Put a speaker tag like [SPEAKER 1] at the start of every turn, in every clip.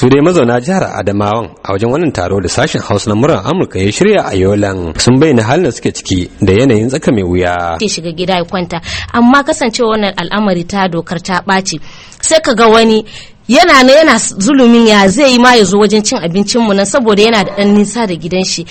[SPEAKER 1] su dai mazauna jihar adamawan a wajen wannan taro da sashen hausa na murar amurka ya shirya a yolan sun bayyana halin da suke ciki da yanayin tsaka mai wuya
[SPEAKER 2] ke shiga gida ya kwanta amma kasancewa wannan al'amari ta dokar ta ɓaci sai ka ga wani yana na yana zulumin ya zai yi ma ya zo wajen cin abincin mu nan saboda yana da ɗan nisa da gidan shi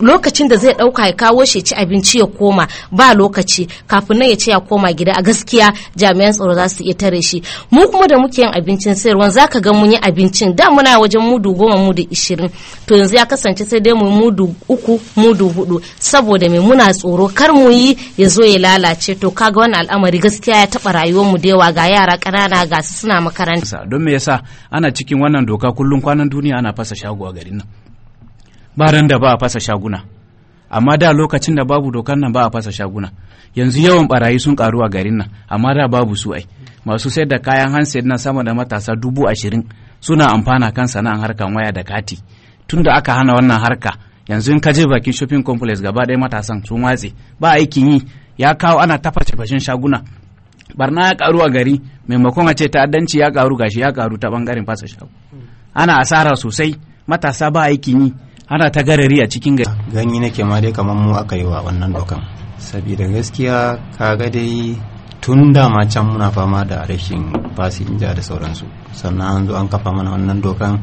[SPEAKER 2] lokacin da zai ɗauka ya kawo shi ci abinci ya koma ba lokaci kafin nan ya ce ya koma gida a gaskiya jami'an tsaro za su iya tare shi mu kuma da muke yin abincin sayarwan zaka ga mun yi abincin da muna wajen mudu goma mudu ishirin to yanzu ya kasance sai dai mu mudu uku mudu hudu saboda mai muna tsoro kar mu yi ya zo ya lalace to kaga wannan al'amari gaskiya ya taɓa rayuwar mu da yawa ga yara ƙanana ga su suna makaranta
[SPEAKER 3] don me yasa ana cikin wannan doka kullum kwanan duniya ana fasa shago a garin nan ba ran da ba a fasa shaguna amma da lokacin da babu dokar nan ba a fasa shaguna yanzu yawan barayi sun karu a garin nan amma da babu su ai masu sayar da kayan handset na sama da matasa dubu ashirin suna amfana kan sana'an harkan waya da kati tunda aka hana wannan harka yanzu in ka je bakin shopping complex gaba ɗaya matasan sun watse ba aikin yi ya kawo ana taface fashin shaguna barna ya karu a gari maimakon a ce ta'addanci ya karu gashi ya karu ta bangaren fasa shago ana asara sosai matasa ba aikin yi ana ta garari a cikin gari ganyi nake ma dai
[SPEAKER 1] kamar mu aka yi wa wannan dokan saboda gaskiya kaga dai tun dama can muna fama da rashin fasinja da sauransu sannan an zo an kafa mana wannan dokan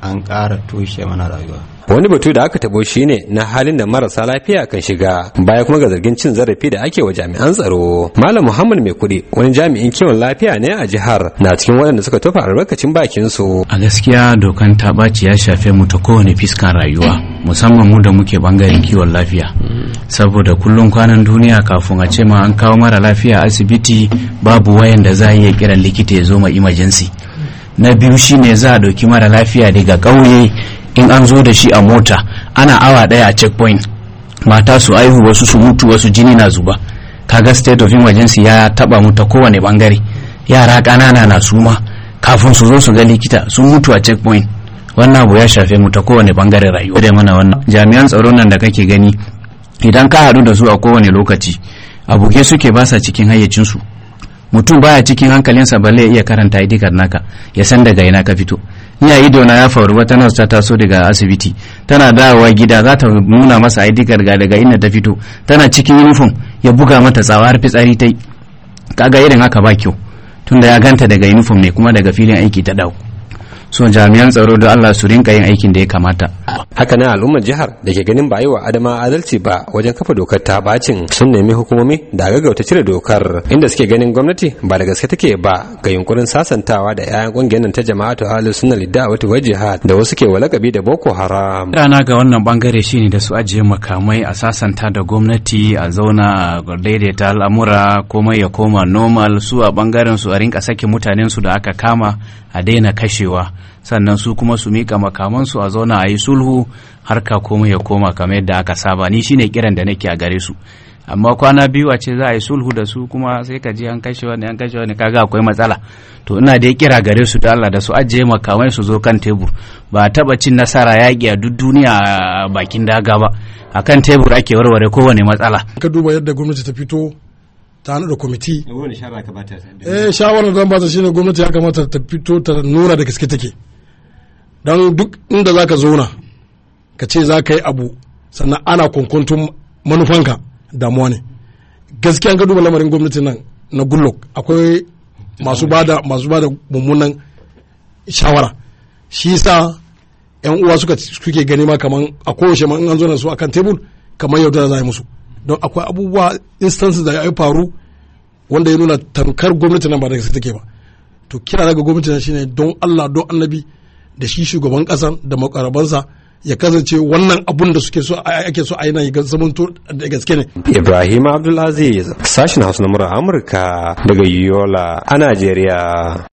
[SPEAKER 1] an ƙara tushe mana rayuwa. Wani batu da aka tabo shi ne na halin da marasa lafiya kan shiga baya kuma ga zargin cin zarafi da ake wa jami'an tsaro. Malam Muhammad mai kuɗi wani jami'in kiwon lafiya ne a jihar na cikin waɗanda suka tofa albarkacin bakin su. A
[SPEAKER 3] gaskiya dokan ta ɓaci ya shafe mu ta kowane fiskan rayuwa musamman mu da muke bangaren kiwon lafiya. Saboda kullum kwanan duniya kafin a ce ma an kawo mara lafiya asibiti babu wayan da za a iya kiran likita ya zo ma imajansi. na biyu shine za a ɗauki mara lafiya daga ƙauye in an zo da shi a mota ana awa ɗaya a checkpoint mata su aihu wasu su mutu wasu jini na zuba kaga state of emergency ya taba mu ta kowane bangare yara ƙanana na suma kafin su zo su ga likita sun mutu a checkpoint wannan abu ya shafe mu ta kowane bangare rayuwa da mana wannan jami'an tsaron nan da kake gani idan ka haɗu da su a kowane lokaci abuke suke basa cikin hayyacinsu mutum baya cikin hankalinsa balle ya iya karanta ID card naka ya san daga ina ka fito ina ido na ya faru wata nurse ta taso daga asibiti tana dawowa gida za ta nuna masa ID ga daga ina ta fito tana cikin uniform ya buga mata tsawa har fitsari ta kaga irin haka ba kyau tunda ya ganta daga uniform ne kuma daga filin aiki ta dauko so
[SPEAKER 1] jami'an tsaro don Allah su rinka yin aikin da ya kamata. haka Hakanan al'ummar jihar da ke ganin ba yi wa Adama adalci ba wajen kafa dokar ta bacin sun nemi hukumomi da gaggauta cire dokar inda suke ganin gwamnati ba da gaske take ba ga yunkurin sasantawa da 'ya'yan kungiyar nan ta jama'atu ahlus sunna wata wal jihad da wasu ke walakabi da Boko Haram.
[SPEAKER 3] Rana ga wannan bangare shine da su ajiye makamai a sasanta da gwamnati a zauna a daidaita al'amura komai ya koma normal su a bangaren su a rinka sake mutanen su da aka kama a daina kashewa. sannan su kuma su mika makamansu a zauna a yi sulhu harka komai ya koma kamar yadda aka saba ni shine kiran da nake a gare su amma kwana biyu a ce za a yi sulhu da su kuma sai ka ji an kashe wani an kashe wani kaga akwai matsala to ina da kira gare su da Allah da su ajiye makamai su zo kan tebur ba taba cin nasara yaƙi a duk duniya bakin daga ba akan tebur ake warware kowane matsala
[SPEAKER 4] ka duba yadda gwamnati ta fito ta eh, da kwamiti shawarar da ba ta shine gwamnati ya kamata ta fito ta nura da gaske take don duk inda za ka zauna ka ce za ka yi abu sannan ana kunkuntun manufanka damuwa ne gaskiya ga duba lamarin gwamnatin nan na gullok akwai masu bada masu bada mummunan shawara shi sa yan uwa suka suke gani ma kaman a kowace man an zo na su akan tebul kamar da za a yi musu don akwai abubuwa instances da ya faru wanda ya nuna tamkar gwamnati nan ba da gaske take ba to kira daga gwamnati nan shine don Allah don annabi da shi shugaban ƙasan da makarabansa ya kasance wannan abun da suke so ake so a ya ga to da gaske ne.
[SPEAKER 1] Ibrahim Abdulaziz sashin Hausa na Amurka daga Yola a Najeriya.